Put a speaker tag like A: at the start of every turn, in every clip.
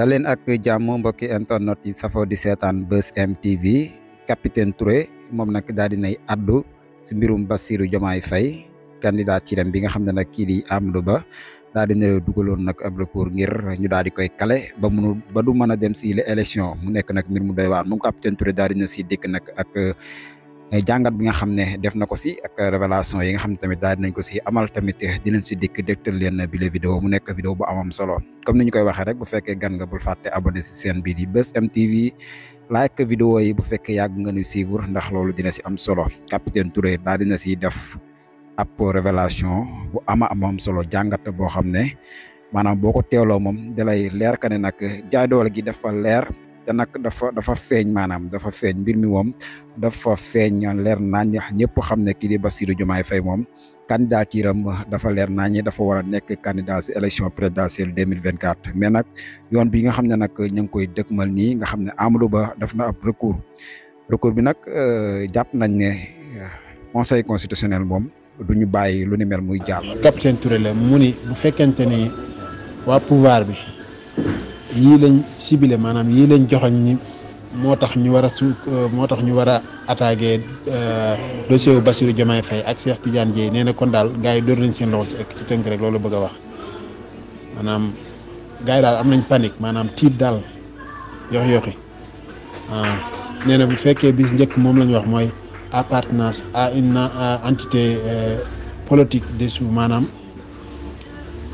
A: daleen ak jàmm mbokki internet yi di seetaan Buzz M TV capitaine Touré moom nag daal dinay addu si mbirum Bassirou Diomaye fay candidat ci dem bi nga xam ne nag kii di Amadou Ba daal dina dugaloon nag ab recours ngir ñu daal di koy kale ba munu ba du mën a dem si les élections mu nekk nag mbir mu doy waar moom capitaine Touré daal si dikk nag ak Eh, jangat bi nga xamne def nako ci ak revelation yi nga xamne tamit daal nañ ko ci amal tamit eh, dinañ ci dik dégtal len bi le vidéo mu nek vidéo bu amam solo comme ni koy waxe rek bu fekke gan nga bul faté abonné ci chaîne bi di bes mtv like vidéo yi bu fekke yag nga ñu suivre ndax lolu dina ci am solo capitaine Touré daal dina ci def ap revelation bu ama amam solo jangat bo xamne manam boko boo mom dalay leer kané nak jaay dool gi dafa leer te dafa dafa manam, manam dafa feñ mbir mi mom dafa feeñ leer nañ ñëpp xam ne kii di Bassirou Diomaye Faye moom candidaturam dafa leer nañ dafa wara nek candidat ci élection présidentielle 2024 mais nak yoon bi nga xamne nak ñang koy dekkmal nii nga xamne ne Amadou Ba dafa na ab recours recours bi nak euh, japp nañ ne euh, conseil constitutionnel mom duñu bayyi lu ni mel muy capitaine Touré le mu ni bu fekkente ni wa pouvoir bi.
B: yii lañ ciblé maanaam yii lañ joxoñ ñi moo tax ñu war a su euh, moo tax ñu war a attaqué euh, dossier wu Bassirou Diomaye Faye ak seex Tidiane Dièye nee na kon daal gars yi dóor nañ seen loxo si ak si tënk rek loolu bëgg a wax maanaam gars yi daal am nañ panique maanaam tiit daal yox yoxi waaw ah, bu fekkee bis njëkk moom la ñu wax mooy appartenance à une entité euh, politique de sous maanaam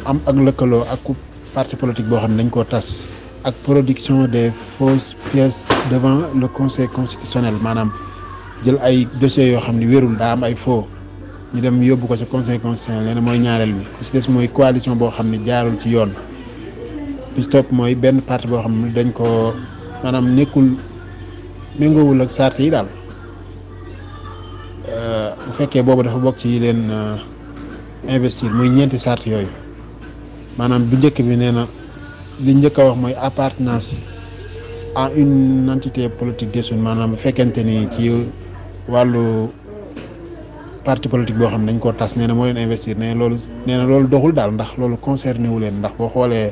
B: am ak lëkkaloo ak parti politique boo xam ne dañ koo tas ak production des fausses pièces devant le conseil constitutionnel maanaam jël ay dossiers yoo xam ne wérul daa am ay faux ñu dem yóbbu ko ci conseil constitutionnel leen mooy ñaareel bi ci des mooy coalition boo xam ne jaarul ci yoon bi ci topp mooy benn parti boo xam ne dañ ko maanaam nekkul méngoowul ak sart yi daal euh, bu fekkee boobu dafa bokk ci leen euh, investir muy ñeenti sart yooyu maanaam bu njëkk bi nee na li njëkk a wax mooy appartenance à une entité politique désunie maanaam bu fekkente ni ci wàllu parti politique boo xam ne dañ koo tas nee na moo leen investir nee loolu nee loolu doxul daal ndax loolu concerné wu leen ndax boo xoolee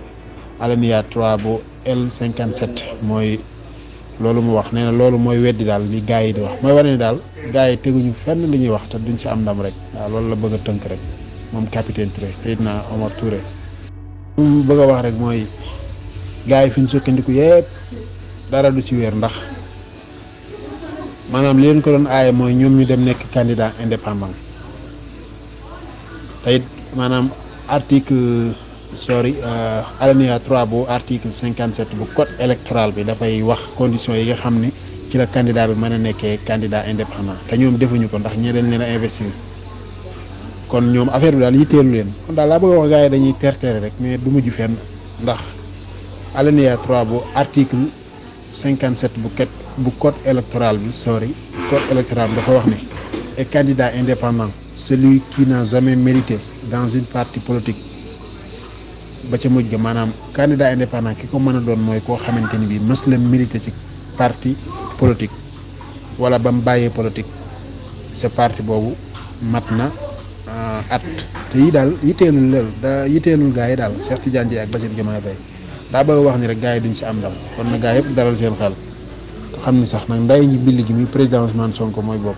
B: alinéa 3 bu L57 mooy loolu mu wax nee na loolu mooy weddi daal li gars yi di wax mooy wane ni daal gars yi teguñu fenn li ñuy wax te duñ si am ndam rek waaw loolu la bëgg a tënk rek moom capitaine Touré Seydina Omar Touré. mu bëgg wax rek mooy gars yi fi ñu sukkandiku yëpp dara du si wér ndax maanaam li leen ko doon aaye mooy ñoom ñu dem nekk candidat indépendant te it maanaam article sorry euh, alinéa 3 bu article 57 bu code électoral bi dafay wax condition yi nga xam ni ci la candidat bi mën a nekkee candidat indépendant te ñoom defuñu ko ndax ñee dañ leen a investir kon ñoom affaire bi daal yitteelu leen kon daal la bëgg a wax gars yi dañuy tertere rek mais du mujj fenn ndax alinéa 3 bu article 57 bu ket bu code électoral bi sorry code électoral dafa wax ni et candidat indépendant celui qui n'a jamais mérité dans une partie politique ba ca mujj manam candidat indépendant qui mëna doon moy ko xamanteni bi bii milité ci parti politique wala ba bayé politique c'est parti pour matna Euh, at te yi daal yitteelul loolu da yitteelul gaa yi daal Cheikh Tidiane Dièye ak Bassirou Diomaye Faye daa bëgg wax ni rek gaa yi duñ si am ndam kon na gaa yëpp dalal seen xel xam ni sax nag nday ñi bill gi muy président Ousmane Sonko mooy bokk.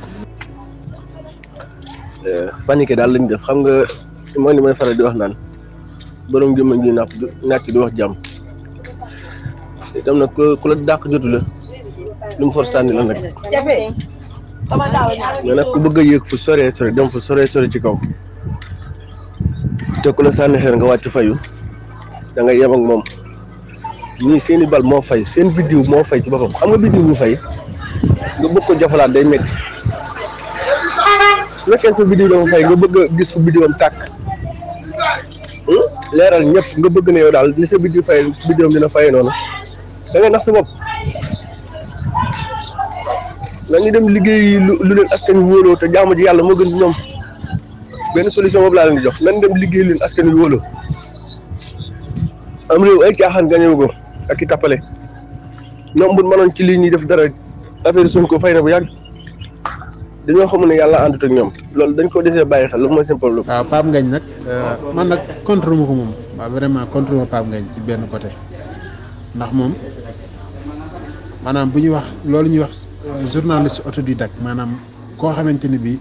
C: panique euh, daal lañ def xam nga mooy li may faral di wax naan borom jëmm ji napp nàcc di wax jàmm itam nag ku la dàq jotu la lu mu for la nag.
A: mais nag ku
C: bëgg a yéeg fu sore sore dem fu sore sore ci kaw te ku la sànni xeer nga wàcc fayu da ngay yem moom ñii seeni bal moo fay seen biddiw moo fay ci boppam xam nga biddiw bu fay nga bëgg ko jafalaat day métti su fekkee sa biddiw dafa fay nga bëgg a gis ko biddiwam tàkk hmm? leeral ñëpp nga bëgg ne yow daal li sa biddiw fay biddiwam dina fay noonu da ngay nax sa bopp. nañu dem liggéey lu lu leen askan wi wóoloo te jaamu ji yàlla moo gën ñoom benn solution boobu laa leen jox nañ dem liggéey leen askan wi wóoloo am réew ay caaxaan gañewu ko ak i tappale ñoom bu mënoon ci lii ñuy def dara affaire Sonko fay na bu yàgg dañoo xamul ne yàlla àndut ak ñoom loolu dañ ko desee bàyyi xel loolu mooy seen
B: problème. waaw Pape Ngagne nag euh, man nag contre ma ko moom waaw vraiment contre ma Pape Ngagne ci benn côté ndax moom maanaam bu ñu wax loolu ñuy wax. di euh, autodidacte maanaam koo xamante ni bii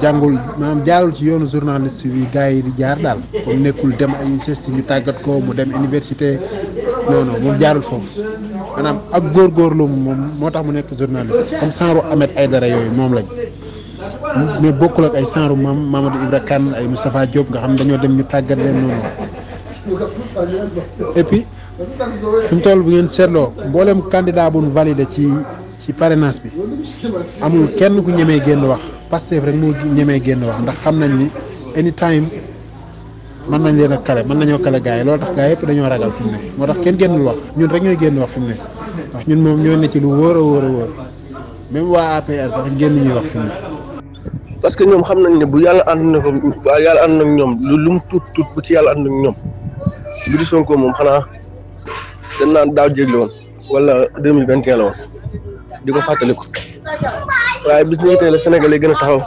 B: jàngul maanaam jaarul ci yoonu journaliste bi gars yi di jaar daal comme nekkul dem ay sesti ñu tàggat ko mu dem université non non moom jaarul foofu maanaam ak góor góor góorgóorlu moom moo tax mu nekk journaliste comme sanru Ahmed dara yooyu moom lañ mais bokkul ak ay sanru maam Mamadou Ibra Kane ay Moustapha Diop nga xam dañoo dem ñu tàggat leen noonu et puis toll bu ngeen seetloo mboolem candidat bu pare parrainage bi amul kenn ku ñemee génn wax Pastef rek moo ñemee génn wax ndax xam nañ ni anytime man nañ leen ak kale mën nañoo kale gars yi loolu tax gars yëpp dañoo ragal fi ne moo tax kenn génnul wax ñun rek ñooy génn wax fi mu ne ndax ñun moom ci lu wóor a wóor a wóor waa APR génn ñuy wax
C: parce que ñoom xam nañ ne bu yàlla ànd na yàlla ànd nag ñoom lu mu tuut tuut bu ci yàlla ànd nañ ñoom mbiri ko moom xanaa dañ naan daal jégle woon wala deux mille vingt et la woon. di ko fàttaliku waaye bis nañu tee la Sénégal yi gën a taxaw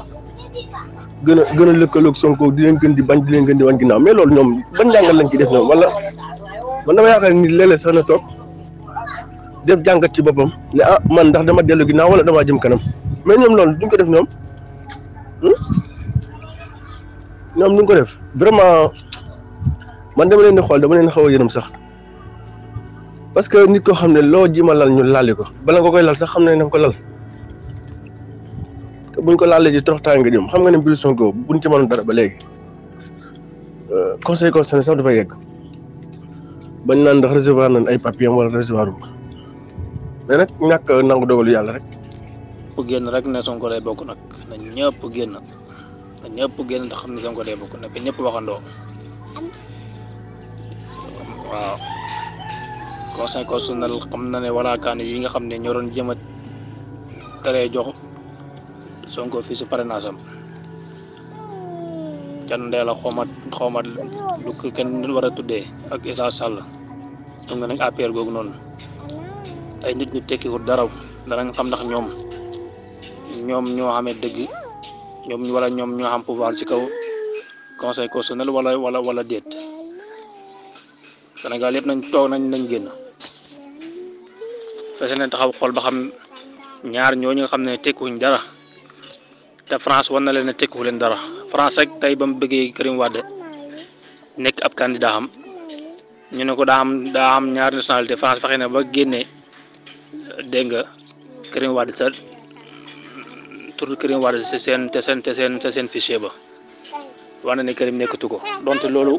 C: gën a gën a lëkkaloog Sonko di leen gën di bañ di leen gën di wan ginnaaw mais loolu ñoom ban jàngat lañ ci def ñoom wala man dama yaakaar ni léeg-léeg sax na toog def jàngat ci boppam ne ah man ndax dama dellu ginaaw wala damaa jëm kanam mais ñoom loolu duñ ko def ñoom hmm? ñoom duñ ko def vraiment man dama leen di xool dama leen xaw a yërëm sax. parce que nit koo xam ne loo ji ma lal ñu laali ko bala nga koy lal sax xam ne na nga ko lal te buñ ko laal ji trop tàng nga jëm xam nga ne mbiru Sonko buñ ci mënoon dara ba léegi euh, conseil constitutionnel sax dafa yegg bañ naan ndax recevoir nañ ay papier wala recevoir ko mais nag ñàkk nangu dogalu yàlla rek.
D: ñëpp génn rek ne Sonko day bokk nag na ñëpp génn na ñëpp génn te xam ne Sonko day bokk nag ñëpp waxandoo waaw. conseil constitutionnel xam na ne walaakaan yi nga xam ne ñoo doon jëm a teree jox Sonko fii si parrainage am can ndee la xawma xawma lu ko kenn war a tuddee ak Issa Sall xam nga nag APR googu noonu ay nit ñu tekkiwul dara danañ xam ndax ñoom ñoom ñoo xamee dëgg ñoom wala ñoom ñoo xam pouvoir ci kaw conseil constitutionnel wala wala wala déet Sénégal yëpp nañ toog nañ nañ génn fas yéene taxaw xool ba xam ñaar ñooñu nga xam ne tekkuñ dara te France war na leen a tekkuwu leen dara France rek tey ba mu bëggee Karim Wade nekk ab candidat am ñu ne ko daa am daa am ñaar nationalité France fexe na ba génne dégg nga Karim Wade sa tur Karim Wade sa seen te seen te seen te seen fichier ba war na ne Karim nekkatu ko donte loolu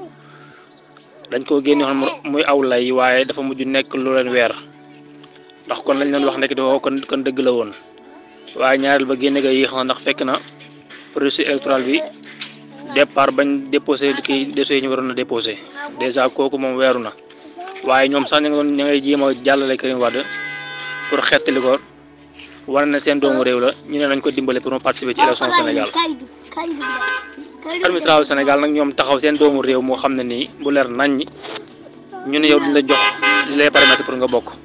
D: dañ koo génne xam muy aw lay waaye dafa mujj nekk lu leen weer. ndax kon lañu doon wax ndekete woo kon kon dëgg la woon waaye ñaareel ba génne ga yéex na ndax fekk na processus électoral bi départ bañ déposé kii dossier ñu waroon a déposé dèjà kooku moom weeru na waaye ñoom sax ñu ngi doon ñu ngay jéem a jàllale Karim Wade pour xettali ko war na seen doomu réew la ñu ne nañ ko dimbale pour mu participer ci élection Sénégal
B: administration Sénégal
D: nag ñoom taxaw seen doomu réew moo xam ne nii bu leer nañ ñu ne yow duñ la jox li lay pour nga bokk